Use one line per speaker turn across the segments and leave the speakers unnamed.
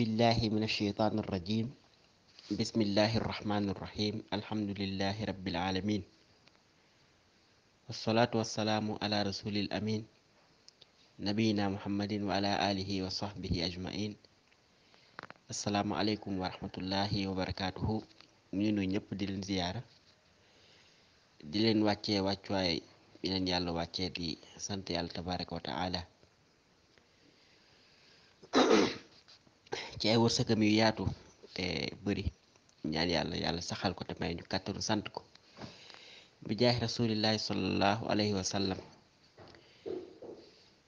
بالله من الشيطان الرجيم بسم الله الرحمن الرحيم الحمد لله رب العالمين والصلاة والسلام على رسول الأمين نبينا محمد وعلى آله وصحبه أجمعين السلام عليكم ورحمة الله وبركاته من nuyu ñëpp di leen ziyaara di leen wàccee wàccuwaay bi leen yàlla wàccee di ci ay wërsëgam yu yaatu te bëri ñaan yàlla yàlla saxal ko te may ñu kàttanu sant ko bi jaay rasulillahi salallahu alayhi wa sallam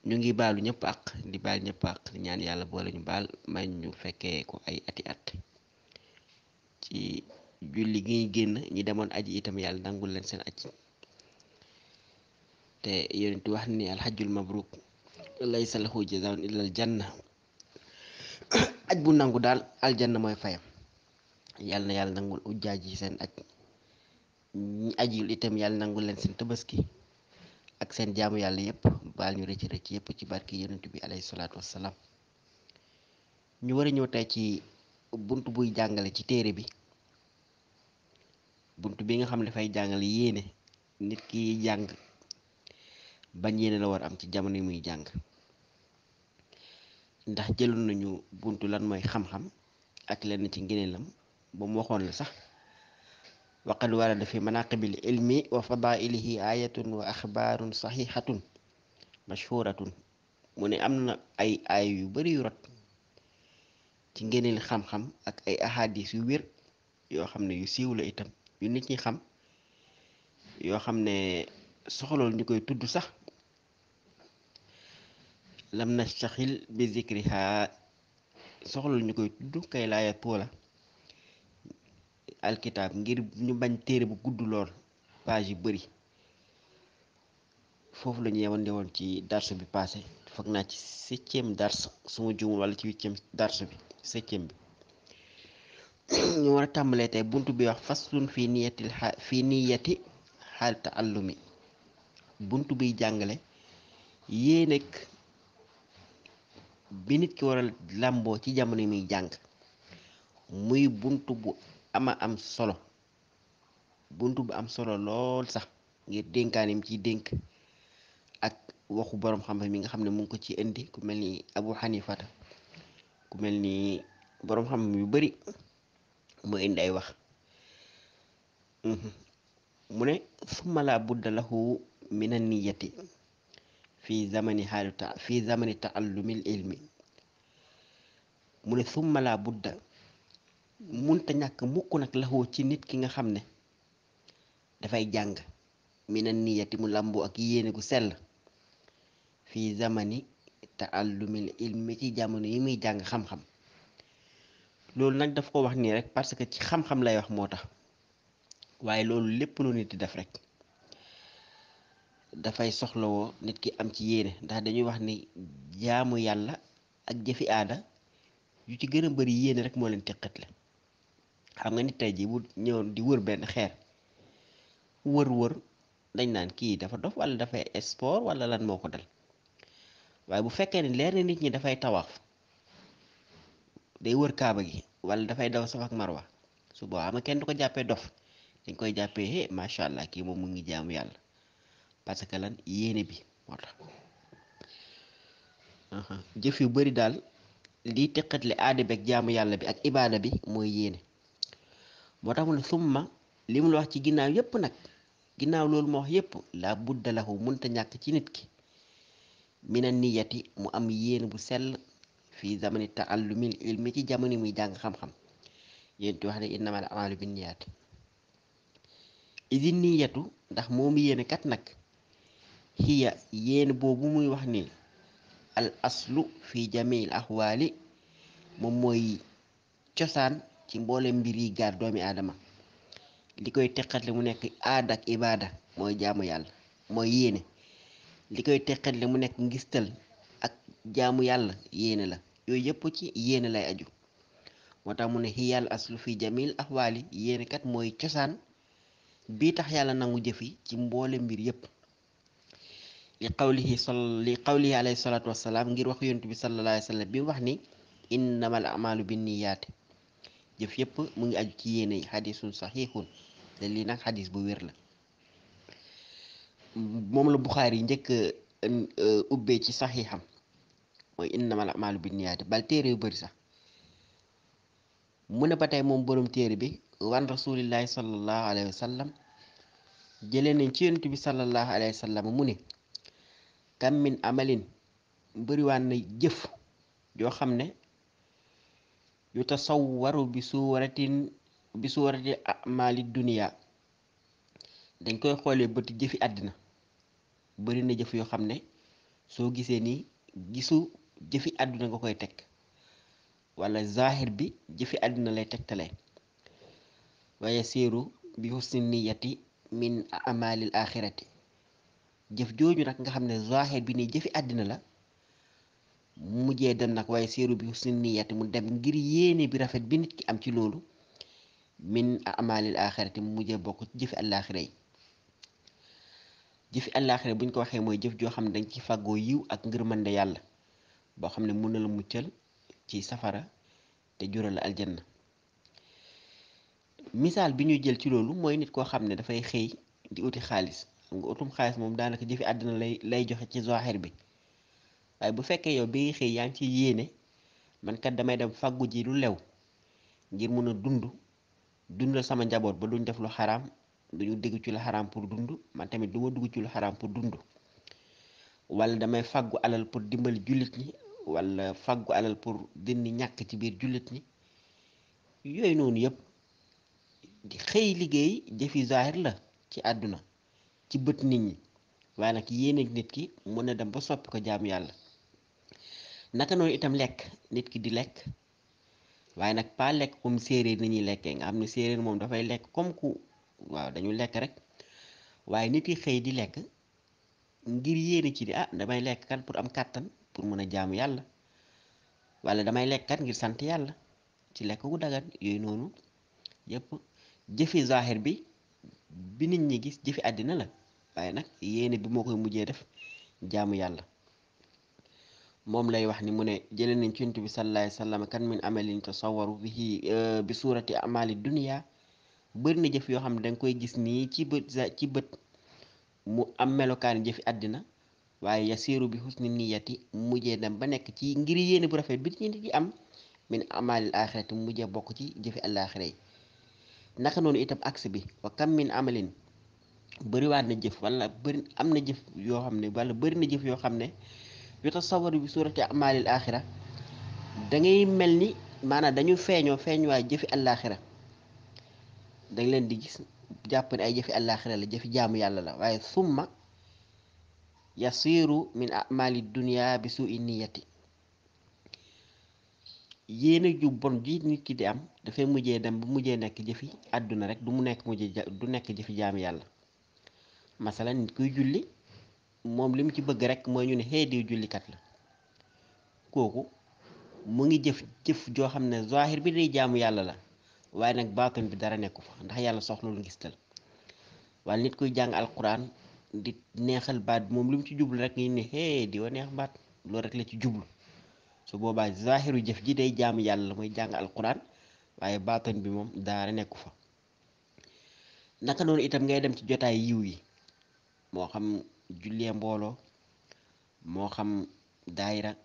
ñu ngi baalu ñëpp àq di baal ñëpp àq ñaan yàlla boole ñu baal may ñu fekkee ko ay ati at ci julli gi ñu génn ñi demoon aji itam yàlla nangul leen seen aji te yonent wax ni alxajjul mabruk laysa lahu jazaun illa janna aj bu nangu daal aljanna mooy fayam yàlla na yàlla nangul ujjaaj ji seen aj ñi ajul itam yàlla nangul leen seen tabaski ak seen jaamu yàlla yépp baal ñu rëcc rëcc yépp ci barki yonent bi alayhi salaatu wassalaam ñu war a ñëw tey ci bunt buy jàngale ci téere bi bunt bi nga xam ne dafay jàngale yéene nit ki jàng ban yéene la war am ci jamono yi muy jàng ndax jëloon nañu buntu lan mooy xam-xam ak lenn ci ngëneelam ba mu waxoon la sax waqad warada fi manaqibil ilmi wa fadailihi ayatun wa axbaarun saxiixatun mashhuratun mu ne am na ay aay yu bari yu rot ci ngëneel xam-xam ak ay ahadis yu wér yoo xam ne yu siiw la itam yu nit ñi xam yoo xam ne soxlool ñu koy tudd sax lam nastaxil bi zikriha soxla ñu koy tudd kay laaya poola alkitaab ngir ñu bañ téere bu gudd lool page yu bëri foofu la ñu woon ci dars bi passé foog naa ci septième dars suma juumul wala ci huitième dars bi septième bi ñu war a tàmbalee tey buntu bi wax faslun fii niyatil fii niyati xaal biy jàngale yéen ak bi nit ki war a làmboo ci jamono mi muy jàng muy bunt bu am a am solo bunt bu am solo lool sax ngir dénkaanim ci dénk ak waxu boroom xam mi nga xam ne mu ngi ko ci indi ku mel nii Abu Xanifata ku mel ni boroom xam yu bari mu indi ay wax mu ne summa la budda lahu mina niyati fi zamani xaalu ta fi ilmi mu ne summa la budda munta ñàkk mukk nag laxoo ci nit ki nga xam ne dafay jàng mina niyati mu làmboo ak yéene gu sell fi zamani taallumil ilmi ci jamono yi muy jàng xam-xam loolu nag daf ko wax nii rek parce que ci xam-xam lay wax moo tax waaye loolu lépp lu nit di def rek dafay soxlawoo nit ki am ci yéene ndax dañuy wax ni jaamu yàlla ak jëfi aada yu ci gën a bëri yéene rek moo leen teqat la xam nga nit tey jii bu ñëwoon di wër benn xeer wër-wër dañ naan kii dafa dof wala dafay sport wala lan moo ko dal waaye bu fekkee ne leer nit ñi dafay tawaaf day wër kaaba gi wala dafay daw saf ak marwa su boobaa ma kenn du ko jàppee dof dañ koy jàppee eh macha allah kii moom mu ngi jaamu yàlla. parce que lan yéene bi moo tax yu bari daal liy teqatle aada bi yàlla bi ak ibaada bi mooy yéene moo mu ne li mu la wax ci ginnaaw yépp nag ginnaaw loolu ma wax yépp laa budda lahu ci nit ki mina niyati mu am yéene bu sell fii zamani ci jamono muy jàng xam yéen wax ne innamal a'maalu ndax moom yéene kat nag hiya yéene boobu muy wax ni al aslu fi jamil axwaali moom mooy cosaan ci mboole mbir yi gaar doomi aadama li koy teqatle mu nekk aada ak ibaada mooy jaamu yàlla mooy yéene li koy teqatle mu nekk ngistal ak jaamu yàlla yéene la yooyu yëpp ci yéene lay aju moo tax mu ne xiyal aslu fi jamil axwaali yéene kat mooy cosaan bi tax yàlla nangu jëfi ci mboole mbir yépp li qawlihi sal li qawlihi alayhi salaatu wasalaam ngir wax yontu bi sallallahu alayhi bi wax ni innamal amalu binniyaati jëf yépp mu ngi aju ci yéene yi xadisun saxiixun te lii nag xadis bu wér la moom la buxaari yi njëkk euh, ubbee ci saxiixam mooy innamal amalu binniyaati bal téere yu bari sax mu ne ba tey moom borom téere bi wan rasulillahi sallallahu alayhi wa sallam jëlee nañ ci yonent bi sallallahu alayhi wa mu ne kam min amalin bëriwaan na jëf joo xam ne yu tasawwaru bi suwaratin bi suwarati amali dunia dañ koy xoolee bëti jëfi àddina bëri na jëf yoo xam ne soo gisee ni gisu jëfi àdduna nga koy teg wala zahir bi jëfi àddina lay tegtale waaye seeru bi husni niyati min amalil axirati jëf jooju nag nga xam ne zahir bi nii jëfi àddina la mujjee dem nag waaye séeru bi husni niyati mu dem ngir yéene bi rafet bi nit ki am ci loolu min amalil axirati mu mujjee bokk ci jëfi àllaaxira yi jëfi àllaaxira buñ ko waxee mooy jëf joo xam ne dañ ci fàggoo yiw ak mën de yàlla boo xam ne mun na la muccal ci safara te jural la aljanna misaal bi ñu jël ci loolu mooy nit koo xam ne dafay xëy di uti xaalis nga utum xaalis moom daanaka jëfi àddina lay lay joxe ci zahir bi waaye bu fekkee yow bi xëy yaa ngi ci yéene man kat damay dem fàggu ji lu lew ngir mun a dund dundal sama njaboot ba duñ def lu xaraam duñu dégg ci lu xaraam pour dund man tamit du ma dugg ci lu xaraam pour dund wala damay fàggu alal pour dimbali jullit ñi wala fàggu alal pour dindi ñàkk ci biir jullit ñi yooyu noonu yëpp xëy liggéey jëfi zahir la ci àdduna ci bët nit ñi waaye nag yéene nit ki mën na dem ba soppi ko jaamu yàlla naka noonu itam lekk nit ki di lekk waaye nag paa lekk comme séeréer ni ñuy lekkee nga xam ne séeréer moom dafay lekk comme ku waaw dañu lekk rek waaye nit ki xëy di lekk ngir yéene ci di ah damay lekk kat pour am kàttan pour mën a jaamu yàlla walla damay lekk kat ngir sant yàlla ci lekk gu dagan yooyu noonu yëpp jëfi zahir bi bi nit ñi gis jëfi àddina la waaye nag yéene bi moo koy mujjee def jaamu yàlla moom lay wax ni mu ne jëlee nañ ci bi sallallahu alayhi wa kan min amalin tasawwaru bihi eh, bi suurati amali dunia bëri na jëf yoo xam ne danga koy gis nii ci bët mu am melokaani jëfi àddina waaye yasiru bi husni niyati mujjee dem ba nekk ci ngir yéene bu rafet bi ñu di am min amalil axirati bokk ci jëfi noonu itam amalin bëriwaat na jëf wala bëri na jëf yoo xam ne wala bëri na jëf yoo xam ne yu tasawaru bi suurati amaalil axira da mel ni maanaam dañu feeñoo feeñ waay jëfi àllaaxira dañ leen di gis jàpp ay jëfi àllaaxira la jëfi jaamu yàlla la waaye summa yasiru min amali dunia bi suu i niyati yéene ju bon ji nit ki di am dafay mujjee dem ba mujjee nekk jëfi àdduna rek du mu nekk mujjee du nekk jëfi jaamu yàlla masalan nit kuy julli moom li mu ci bëgg rek mooy ñu ne xëy diw jullikat la kooku mu ngi jëf jëf joo xam ne zahir bi day jaamu yàlla la waaye nag baatin bi dara nekku fa ndax yàlla soxlul ngis tal wala nit kuy jàng di neexal baat moom li ci jublu rek ñu ne loolu rek la ci jublu su boobaa zahiru jëf ji day jaamu yàlla la mooy jàng waaye baatin bi moom daara nekku fa naka noonu itam ngay dem ci jotaay yiw yi moo xam jullee mbooloo moo xam dayra euh,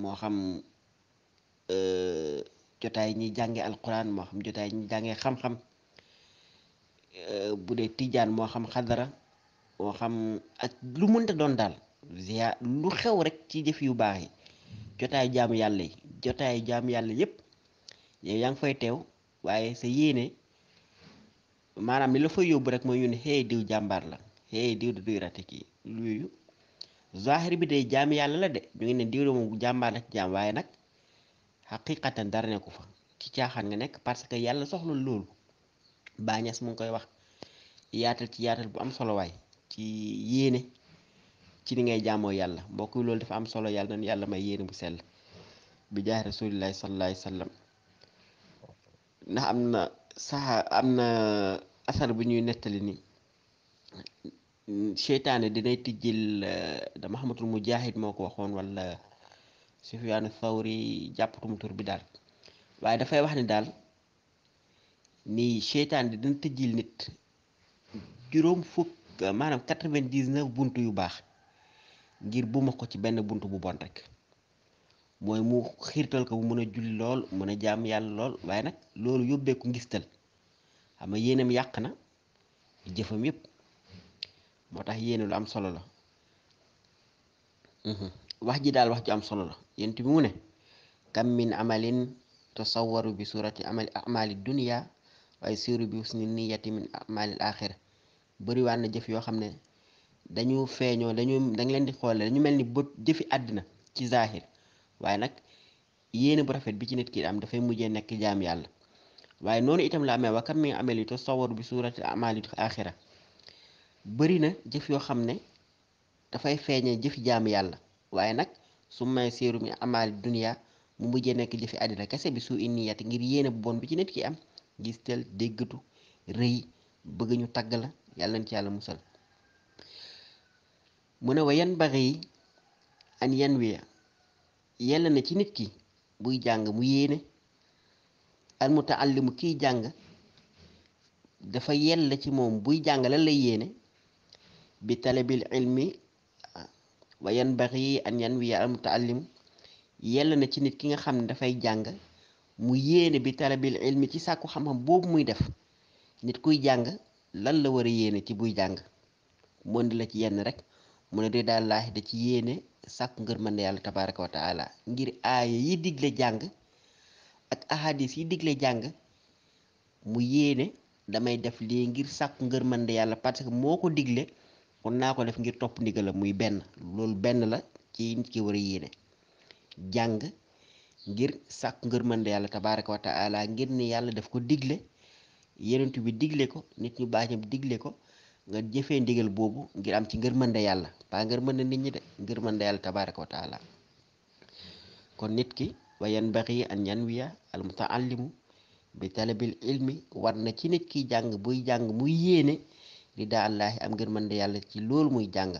moo xam jotaay ñi jànge alquran moo xam jotaay ñi jànge xam-xam euh, bu dee tijaan moo xam xadara moo xam ak lu mënta doon daal ziyaar lu xew rek ci jëf yu baax yi jotaayu jaamu yàlla yi jotaayu jaamu yàlla yépp yow yaa ngi fay teew waaye sa yéene maanaam li la fay yóbbu rek mooy ñu ne diw jàmbaar la hey diw du duy rate kii yooyu bi day jaam yàlla la de ñu ngi ne diw moom jàmbaar la nag jaam waaye nag xaqiqatan dara nekku fa ci caaxaan nga nekk parce que yàlla soxla loolu baañas mu ngi koy wax yaatal ci yaatal bu am solo waay ci yéene ci ni ngay jaamoo yàlla mbokk loolu dafa am solo yàlla nan yàlla may yéene bu sell bi jaay rasulillahi sallallahu alayhi wasallam ndax am na sax am na asar bu ñuy nettali nii seytaane dinay tijjil eh, dama xamatul Mujaahid moo ko waxoon wala Sufyaanu Thawri jàppatum tur bi daal waaye dafay wax ni daal ni seytaane dina tijjil nit juróom fukk eh, maanaam quatre bunt yu baax ngir bu ko ci benn bunt bu bon rek mooy mu xiirtal ko bu mën a julli lool mën a jaam yàlla lool waaye nag loolu yóbbee ko ngistal xam nga yéenam yàq na jëfam yépp motax tax lu am solo la wax ji dal wax ji am solo la yent bi mu ne kam min amalin tasawwaru bi surati amali amali dunya way siru bi husni niyyati min amali axira bëri waan na jëf yo xamne dañu feño dañu dañ leen di xolé dañu melni ni bët jëfi àddina ci zahir way nak yéene bu rafet bi ci nit ki am da fay mujjé nek jaam yàlla waye nonu itam la amé wa kam min amali tusawwaru bi surati amali al-akhirah bari na jëf yoo xam ne dafay feeñe jëfi jaamu yàlla waaye nag su may séeru mi amaali duniya mu mujjee nekk jëfi àddina kese bi su inniyati ngir yéene bu bon bi ci nit ki am gis teel déggatu rëy bëgg ñu tagg la yàlla nañ ci yàlla musal mu ne wa yan bari yi an yan wiya yàlla na ci nit ki buy jàng mu yéene al mutaallimu kiy jàng dafa yella ci moom buy jàng lan lay yéene bi talabil ilmi wa yanbaghi an yanwiya al mutaallim na ci nit ki nga xam ne dafay jàng mu yéene bi talabil ilmi ci sàkku xam-xam muy def nit kuy jàng lan la war yéene ci buy jàng mondi ci yenn rek mu ne de daal ci yéene sàkku ngër mën yàlla tabaraka ngir aaya yi digle jàng ak ahadis yi digle jàng mu yéene damay def lii ngir sàkku ngër mën yàlla parce que moo ko digle mun naa ko def ngir topp ndigalam muy benn lool benn la ci nit ki war a yéene jàng ngir sàkku ngërmande yàlla tabaaraka wa taala ngir ne yàlla def ko digle yenent bi digle ko nit ñu baax ñam digle ko nga jëfee ndigal boobu ngir am ci ngërmande yàlla ba nit ñi de ngërmande yàlla tabaaraka wa kon nit ki wa yanbaghi an yanwiya al mutaallimu bi talabil ilmi war na ci nit ki jàng buy jàng muy yéene li daa allaahi am ngërmande yàlla ci loolu muy jàng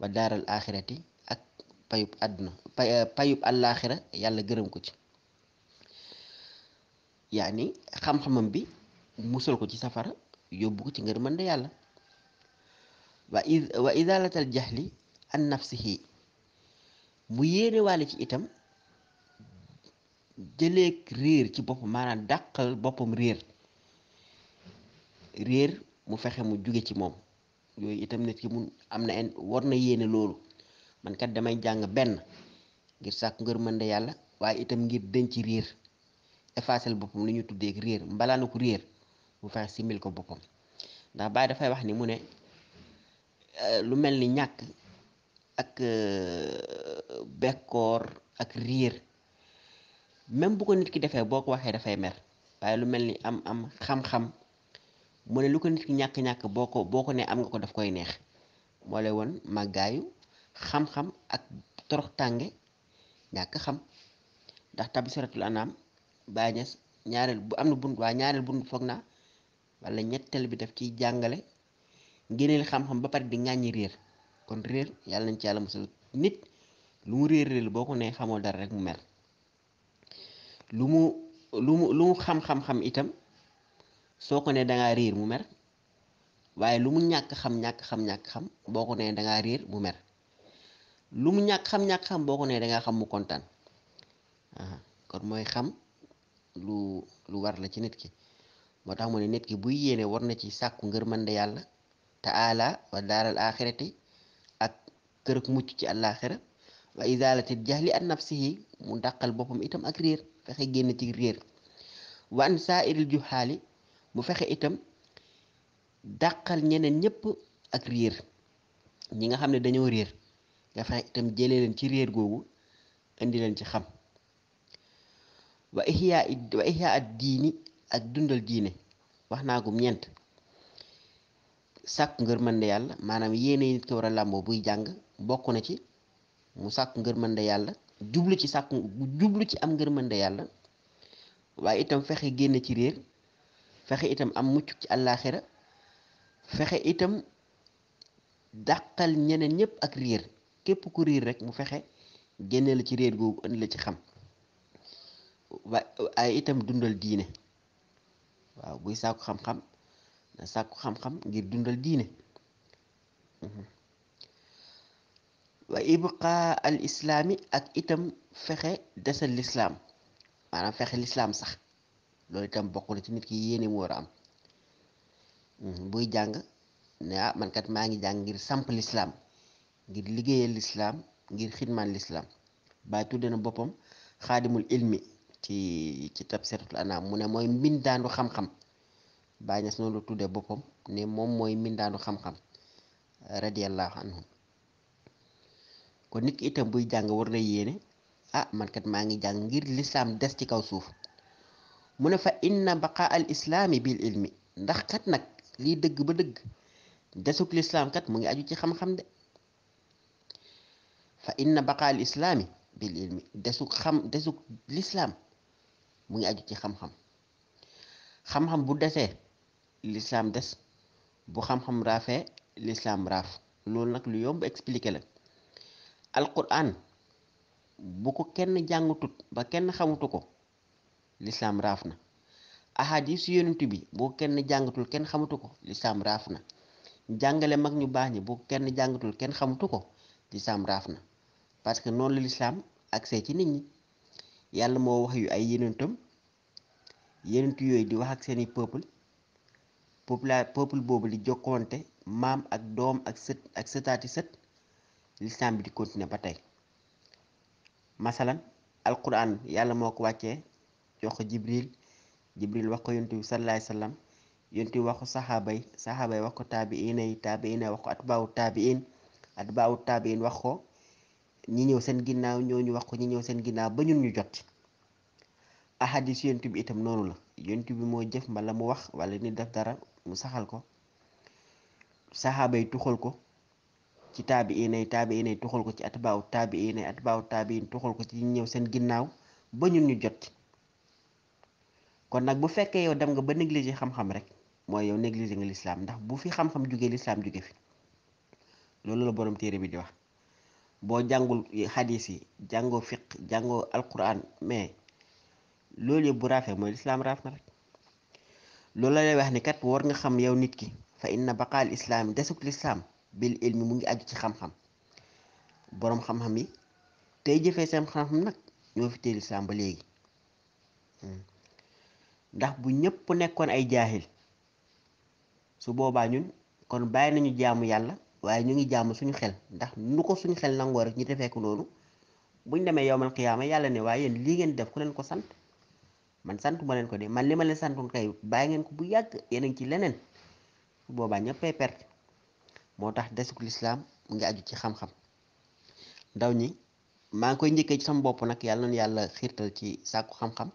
wa daaral axirati ak payub àdduna euh, payub àllaaxira yàlla gërëm ko ci yaani xam-xamam bi musal ko ci safara yóbbu ko ci ngërmande mën wa yàlla wa izalatal jahli an nafsihi mu yéene waale ci itam jëleeg réer ci boppam maanaam dàqal boppam réer réer mu fexe mu jóge ci moom yooyu itam nit ki mun am na en war na yéene loolu man kat damay jàng benn ngir sàkk ngër de yàlla waaye itam ngir denc réer effacel boppam lu ñu tuddee réer mbalaanu ko réer mu fexe simil ko boppam ndax Baay dafay wax ni mu ne euh, lu mel ni ñàkk ak euh, bekkoor ak réer même bu ko nit ki defee boo ko waxee dafay mer waaye lu mel ni am am xam-xam mu ne lu ko nit ñàkk-ñàkk boo ko boo ko nee am nga ko daf koy neex moo lay woon màggaayu xam-xam ak torox tànge ñàkk xam ndax tabisaratul anaam Baay ñaareel am na bunt waa ñaareel bunt foog naa wala ñetteel bi def ciy jàngale ngéneel xam-xam ba pare di ŋàññi réer kon réer yàlla nañ ci yàlla musal nit lu mu réer réer boo ko nee xamoo dara rek mu mer lu mu lu mu lu mu xam-xam-xam itam soo ko nee danga réer mu mer waaye lu mu ñàkk xam ñàkk xam ñàkk xam boo ko nee dangaa réer mu mer lu mu ñàkk xam ñàkk xam boo ko nee dangaa xam mu kontaan kon mooy xam lu lu war la ci nit ki moo tax mu ne nit ki buy yéene war na ci sàkku ngërmande yàlla te ala wa daaral axirati ak kërëk mucc ci àllaaxira wa izalatil jahli an nafsihi mu dàqal boppam itam ak réer fexe génn ci réer wa an saairil juhaali mu fexe itam dàqal ñeneen ñëpp ak réer ñi nga xam ne dañoo réer nga fexe itam jëlee leen ci réer googu indi leen ci xam wa ihya wa ihya ad diini ak dundal diine wax naa gum ñeent mën de yàlla maanaam yéene nit ko war a làmboo buy jàng bokk na ci mu sàkk ngërmande yàlla jublu ci sàkk jublu ci am ngërmande yàlla waaye itam fexe génn ci réer fexe itam am mucc ci àllaaxira fexe itam dàqal ñeneen ñëpp ak riir képp ku riir rekk mu fexe génne la ci réer googu indi la ci xam waaye itam dundal diine waaw buy sàkku xam-xam na ngir dundal diine mhm. wa al islaami ak itam fexe desal lislaam maanaam fexe lislaam sax loolu itam bokk ci nit ki yéene mu am hmm, buy jàng ne ah man kat maa ngi jàng ngir samp lislaam ngir liggéeyal lislaam ngir xidmaan lislaam bàyyi tudde na boppam xaadimul ilmi ci ci tabsiratul mu ne mooy mbindaandu xam-xam bàyyi na si noonu tuddee boppam ne moom mooy mbindaandu xam-xam radiyallahu anhu kon nit ki itam buy jàng war na yéene ah man kat maa ngi jàng ngir lislaam des ci kaw suuf mu ne fa inna baqa al islaami bil ilmi ndax kat nag lii dëgg ba dëgg desug lislaam kat mu ngi aju ci xam-xam fa inna baqa al islaami bil xam lislaam mu ngi ci xam-xam xam bu desee lislaam des bu xam-xam raafee lislaam raaf loolu nag lu yomb expliqué la alquran bu ko kenn jàngutut ba kenn xamutu ko lislaam raaf na ahadis yu yonent bi boo kenn jàngatul kenn xamatu ko lislaam raaf na jàngale mag ñu baax ñi boo kenn jàngatul kenn xamatu ko lislaam na parce que noonu la lislaam accès ci nit ñi yàlla moo wax yu ay yonentam yonent yooyu di wax ak seeni peuple popula peuple boobu di jokkonte maam ak doom ak sët ak sëtaati sët lislaam bi di continuer ba tey masalan alquran yàlla moo ko wàccee jox ko jibril jibril wax ko yontu bi sallallahu alayhi wasallam yontu bi wax ko saxaaba yi saxaaba yi wax ko taabiina yi taabiina wax ko atbaawu taabiin atbaawu taabiin wax ko ñi ñëw seen ginnaaw ñooñu wax ko ñi ñëw seen ginnaaw ba ñun ñu jot ahadis yontu bi itam noonu la yontu bi moo jëf mbala mu wax wala ni def dara mu saxal ko saxaaba yi tuxal ko ci taabiina yi taabiina yi tuxal ko ci atbaawu taabiina yi atbaawu taabiin tuxal ko ci ñi ñëw seen ginnaaw ba ñun ñu jot kon nag bu fekkee yow dem nga ba négligé xam-xam rek mooy yow négligé nga lislaam ndax bu fi xam-xam jugee lislaam jóge fi loolu la borom téere bi di wax boo jàngul xadis yi jàngoo fiq jàngoo alquran mais loolu yëpp bu raafee mooy lislaam raaf na rek loolu la lay wax ni kat war nga xam yow nit ki fa na baqaal islaam desug lislaam bil ilmi mu ngi aju ci xam-xam boroom xam-xam yi tey jëfee seen xam-xam nag ñoo fi téye lislaam ba léegi hmm. ndax bu ñëpp nekkoon ay jaaxil su boobaa ñun kon bàyyi nañu jàmm yàlla waaye ñu ngi jàmm suñu xel ndax nu ko suñu xel nangoo rek ñu defee ko noonu buñ demee yowmal qiyaama yàlla ne waaye yéen lii ngeen def ku leen ko sant man sant ma leen ko de man li ma leen santoon kay bàyyi ngeen ko bu yàgg yéen ngi ci leneen su boobaa ñëppay perte moo tax desug lislaam mu ngi aju ci xam-xam ndaw ñi maa ngi koy njëkkee ci sama bopp nag yàlla na yàlla xiirtal ci sàkku xam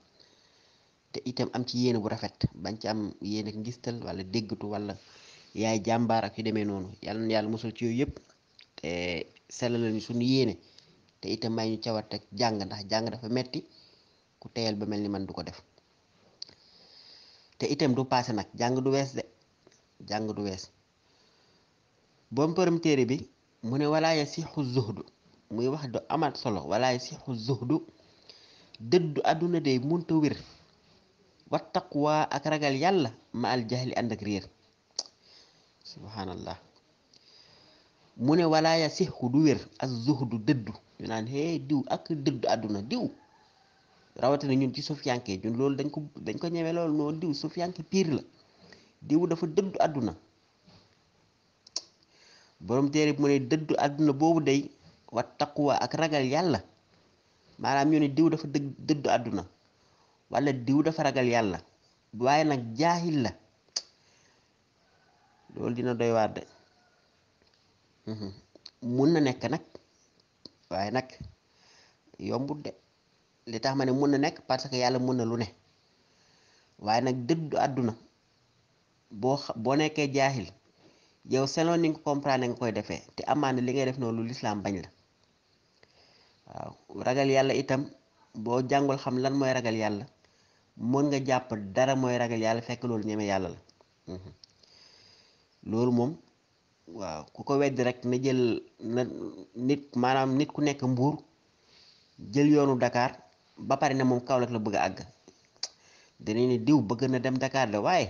te itam am ci yéene bu rafet bañ ci am yéene ngistal wala déggatu walla yaay jàmbaar ak yu demee noonu yàlla na yàlla mosul ci yooyu yëpp te sellal lañu suñu yéene te itam may ñu cawat ak jàng ndax jàng dafa metti ku teyal ba mel ni man du ko def te itam du paase nag jàng du wees de jàng du wees boom përëm téere bi mu ne wala yasixu zuhdu muy wax du amaat solo wala yasixu du dëddu àdduna de munta wér wat takkuwa ak ragal yàlla ma al jahli ànd ak réer subhanallah mu ne walaa ya sixu du wér ak zuhdu dëddu ñu naan hee diw ak dëddu àdduna diw rawatina ñun ci sufiyanke ñun loolu dañ ko dañ ko ñeme loolu noonu diw sufiyanke pire la diw dafa dëddu àdduna borom téere bi mu ne dëddu àdduna boobu day wat taqwa ak ragal yàlla maanaam ñu ne diw dafa dëddu àdduna wala diw dafa ragal yàlla waaye nag jaaxil la loolu dina doy waar de mhm. mun na nekk nag waaye nag yombut de li tax ma ne mun na nekk parce que yàlla mun na lu ne waaye nag dëddu àdduna boo boo nekkee jaahil yow selon ni nga comprendre nga koy defee te amaana li ngay def noonu lislaam bañ la waaw ragal yàlla itam boo jàngul xam lan mooy ragal yàlla mën nga jàpp dara mooy ragal yàlla fekk loolu ñeme yàlla la mhm. loolu moom waaw ku ko weddi rek na jël na nit maanaam nit ku nekk mbuur jël yoonu dakaar ba pare na moom Kaolack la bëgg a àgg dinañ ne diw bëgg na dem dakaar la waaye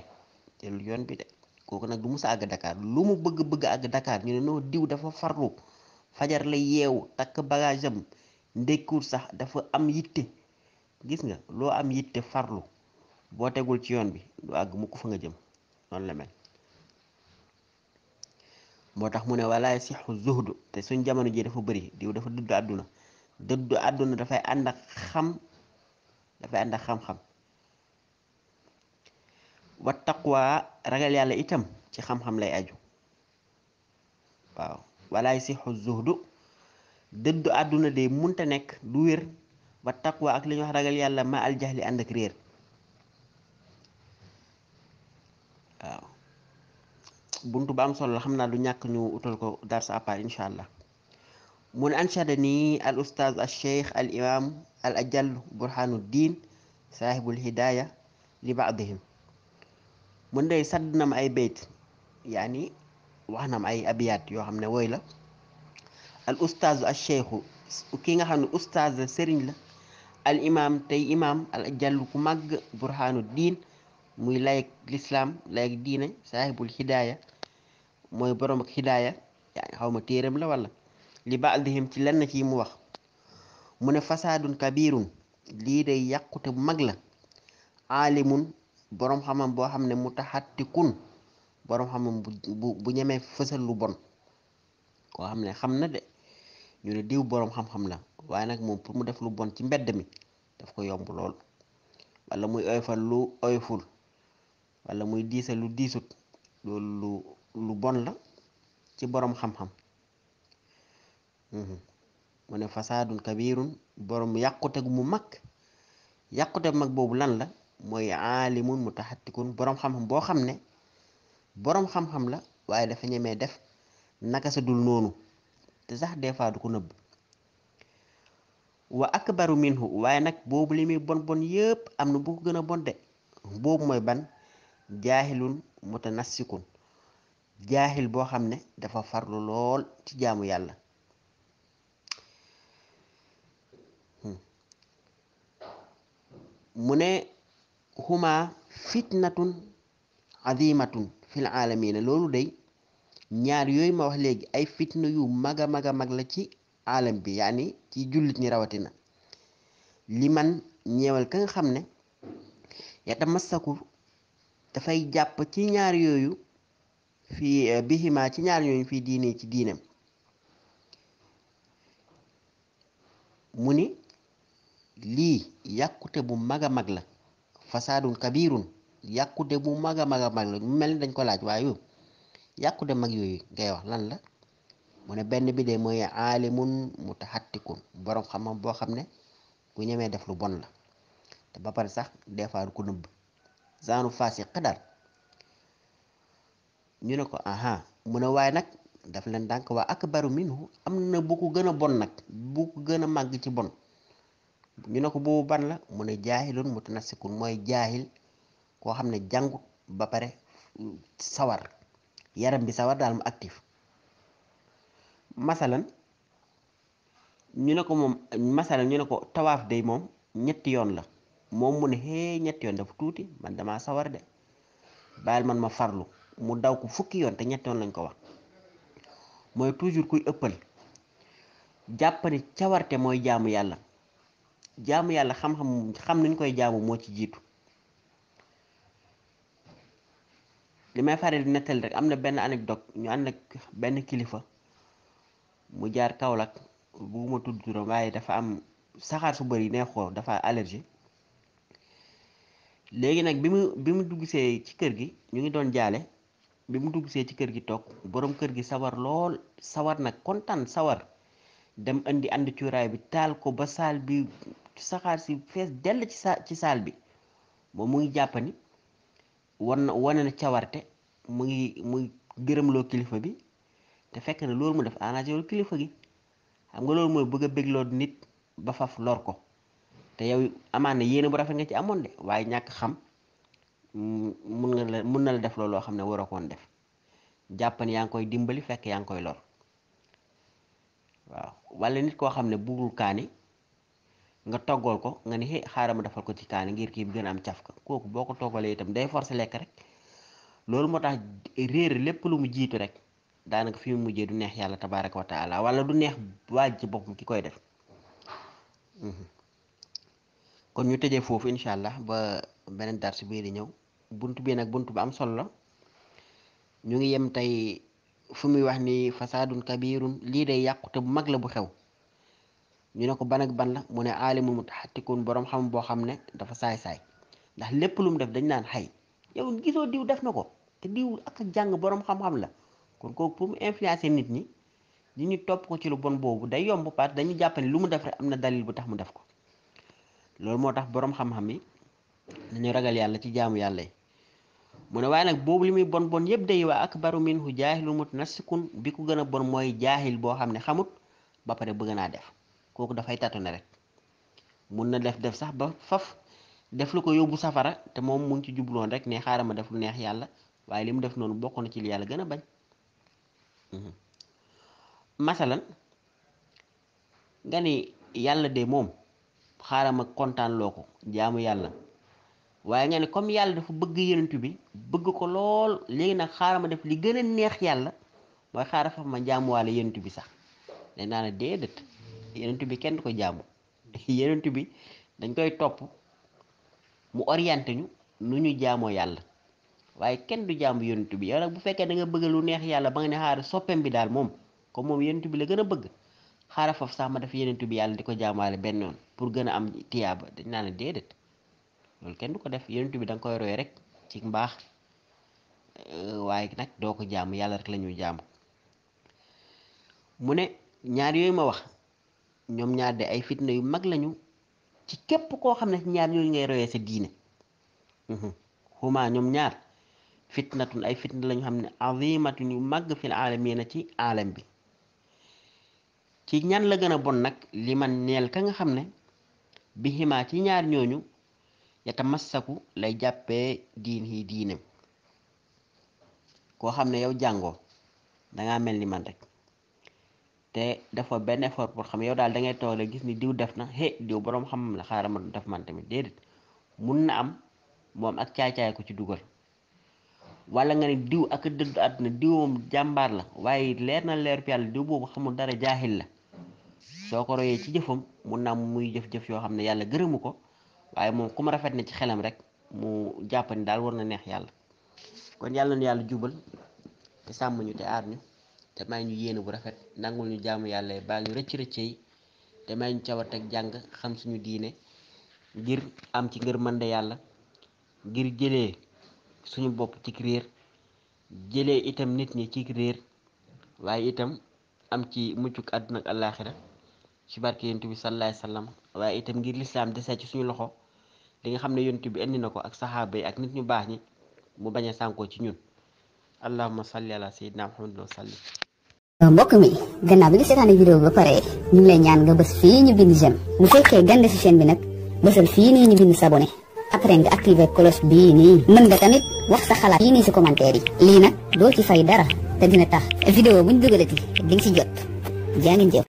jëlul yoon bi de kooku nag du mu a àgg Dakar lu mu bëgg bëgg àgg dakaar ñu ne noo diw dafa farlu fajar la yeewu takk bagage am sax dafa am yitte gis nga loo am yitte farlu boo tegul ci yoon bi du àgg mukk fa nga jëm noonu la moo tax mu ne walaay sixu zuhdu te suñ jamono ji dafa bëri diw dafa dëddu àdduna dëddu àdduna dafay ànd ak xam dafay ànd ak xam-xam wa ragal yàlla itam ci xam-xam lay aju waaw walaay sixu zuhdu dëddu àdduna de munta nekk du wér wa taqwa ak li ñuy wax ragal yàlla ma al jaxli ànd ak ba am solo la xam na lu ñàkk ñu utal ko dar sa àpart allah mu ne anchada nii al ustaz al cheikh al imam al ajal burhanu diin saahibul hidaya li baadihim mun day sadd na ma ay bayt yaani wax na ma ay abiyaat yoo xam ne woy la al ustaz al cheikhu ki nga xam ne ustaz sëriñ la al imam tey imam al jàllu ku màgg burhaanu diin muy layeg lislaam layeg diine saahibul hidaaya mooy borom ak hidaaya yaa xaw ma téeram la wala li baadihim ci lenn ci mu wax mu ne fasaadun kabirun lii de yàqute bu mag la aalimun borom xamam boo xam ne mutaxattikun borom xamam xam bu ñemee fësal lu bon koo xam ne xam na de ñu ne diw boroom xam-xam la waaye nag moom pour mu def lu bon ci mbedd mi daf ko yomb lool wala muy oyfal lu oyful walla muy diisal lu diisut loolu lu lu bon la ci boroom xam-xam mhm. mu ne fasaadun kabirun boroom yàqute gu mu mag yàqute bu mag boobu lan la mooy aalimun mutaxattikun boroom xam-xam boo xam ne boroom xam-xam la waaye dafa ñemee def naka sa dul noonu te sax des fois du ko nëbb wa akbaru minhu waaye nag boobu li muy bon bon yëpp am na bu ko gën a bon de boobu mooy ban jaaxilul mutanassikun jaaxil boo xam ne dafa farlu lool ci jaamu yàlla hmm. mu ne huma fitnatun azimatun fil aalamiina loolu day ñaar yooyu ma wax léegi ay fitna yu mag a mag a mag la ci alam bi yaani ci julit ni rawatina liman ñewal ka nga xamne ya yata massaku fay japp ci ñaar yoyu fi eh, bihima ci ñaar yoyu fi diine ci diine muni li yakute bu maga magla fasadun kabirun yakude bu maga maga magla mel dañ ko laaj mag yoyu ngay wax lan la mu ne benn bi de mooy aalimun mutahattikun borom xam-xam boo xam ne ku ñemee def lu bon la te ba pare sax des fois du ko nëbb zaanu faasi xadar ñu ne ko aha mu ne waaye nag daf leen dànk waa akbaru minhu am na bu ko gën a bon nag bu ko gën a màgg ci bon ñu ne ko boobu ban la mu ne jaahilun mutanassikun mooy jaahil koo xam ne jàngut ba pare sawar yaram bi sawar daal mu actif masalan ñu ne ko moom masalan ñu ne ko tawaaf day moom ñetti yoon la moom mu ne xee ñetti yoon dafa tuuti man damaa sawar de bàyyil man ma farlu mu daw ko fukki yoon te ñetti yoon lañ ko wax mooy toujours kuy ëppal jàpp cawarte mooy jaamu yàlla jaamu yàlla xam-xam xam nuñ koy jaamu moo ci jiitu li may faral di nettali rek am na benn anecdote ñu ànd ak benn kilifa mu jaar Kaolack bu ma tudd turam waaye dafa am saxaar su bari ne xool dafa allergie léegi nag bi mu bi mu duggsee ci kër gi ñu ngi doon jaale bi mu duggsee ci kër gi toog boroom kër gi sawar lool sawar nag kontaan sawar dem indi andi cuuraay bi taal ko ba saal bi saxaar si fees dell ci sa ci saal bi moom mu ngi jàpp ni wan wane na cawarte mu ngi mu ngi gërëmloo kilifa bi te fekk na loolu mu def arrangé kilifa gi xam nga loolu mooy bëgg a bégloo nit ba faf lor ko te yow amaan na yéene bu rafet nga ci amoon de waaye ñàkk xam mm, mun nga la mun na la def loolu loo xam ne warakoon def jàpp yaa ngi koy dimbali fekk yaa ngi koy lor waaw wala nit koo xam ne buggul kaani nga toggal ko nga ni xëy xaaral ma defal ko ci kaani ngir kii bi gën a am caf ka kooku boo ko toggalee itam day force lekk rek loolu moo tax réer lépp lu mu jiitu rek. daanaka fi mu mujjee du neex yàlla tabaaraka wa taala wala du neex waaj ci boppam ki koy def mhm. kon ñu tëje foofu incha allah ba beneen dars bii di ñëw bunt bi nag bunt bu am solo la ñu ngi yem tey fu muy wax ni fasaadun kabirun lii day yàqute bu mag la bu xew ñu ne ko ban ak ban la mu ne aalimul mutaxatikun boroom xam boo xam ne dafa saay-saay ndax lépp lu def dañ naan xay yow gisoo diw def na ko te diw ak jàng boroom xam-xam la kon kooku pour mu influencer nit ñi di ñi topp ko ci lu bon boobu day yomb parce dañu jàpp ne lu mu def rek am na dalil bu tax mu def ko loolu moo tax boroom xam-xam yi nañu ragal yàlla ci jaamu yàlla yi mu ne waaye nag boobu li muy bon bon yëpp day waa akbaru minhu jaahilun nasikun bi ku gën a bon mooy jaahil boo xam ne xamut ba pare bëgg naa def kooku dafay tâtonner rek mun na def def sax ba faf def lu ko yóbbu safara te moom mu ngi ci jubloon rek ne xaaral ma def lu neex yàlla waaye li mu def noonu bokk na ci li yàlla gën bañ Mhm. masalan nga ni yàlla de moom xaaral ma kontaan loo ko jaamu yàlla waaye nga ne comme yàlla dafa bëgg yenentu bi bëgg ko lool léegi nag xaaral ma def li gën a neex yàlla mooy xaaral fa ma jaamuwaale yenentu bi sax dañ naa ne déedéet yenentu bi kenn du ko jaamu yenentu bi dañ koy topp mu orienté ñu nu ñu jaamoo yàlla waaye kenn du jàmb yonent bi yow nag bu fekkee da nga bëgg lu neex yàlla ba nga ne xaara soppeem bi daal moom comme moom yonent bi la gën a bëgg xaara foofu sax ma def yeneentu bi yàlla di ko jaamaale benn yoon pour gën a am tiyaaba dañ naa ne déedéet kenn du ko def yonent bi da koy roy rek ci mbaax euh, waaye nag doo ko jaamu yàlla rek la ñuy mu ne ñaar yooyu ma wax ñoom ñaar de ay fitna yu mag lañu ci képp koo xam ne ñaar yooyu ngay royee sa diine xuma ñoom ñaar fitnatun ay fitna la xam ne azimatun yu màgg fil aalamiina ci aalam bi ci ñan la gën a bon nag li man neel ka nga xam ne bi ximaa ci ñaar ñooñu yatamassaku lay jàppee diin yi diinem koo xam ne yow jàngoo dangaa mel ni man rek te dafa benn effort pour xam yow daal dangay ngay toog rek gis ni diw def na he diw boroom xam-xam la xaaral ma def man tamit déedéet mun na am moom ak caay-caay ko ci dugal wala nga ne diw ak dëdd àdduna diw jàmbaar la waaye leer na leer yàlla diw boobu xamul dara jaaxil la soo ko royee ci jëfam mun naa muy jëf-jëf yoo xam ne yàlla gërëmu ko waaye moom ku mu rafet na ci xelam rek mu jàpp daal war na neex yàlla kon yàlla na yàlla jubal te te aar te may ñu yéene bu rafet nangul ñu jaamu yàlla baal ñu rëcc rëcce yi te may ñu cawat ak jàng xam suñu diine ngir am ci ngër de yàlla ngir jëlee suñu bopp ci réer jëlee itam nit ñi ci réer waaye itam am ci muccuk àdduna ak àllaaxira ci barke yonent bi sallallaahu alayhi wa sallam waaye itam ngir lislaam dese ci suñu loxo li nga xam ne yonent bi indi na ko ak saxaaba yi ak nit ñu baax ñi mu bañ a sànkoo ci ñun allahumma salli ala sayyidina muhammadin wa sallim mbokk mi gannaaw bi nga seetaane vidéo ba pare ñu lay ñaan nga bës fii ñu bind jëm fekkee gande bi nag bësal après nga activer cloche bii nii mën nga tamit wax sa xalaat yii nii si commentaire yi lii nag doo ci fay dara te dina tax jot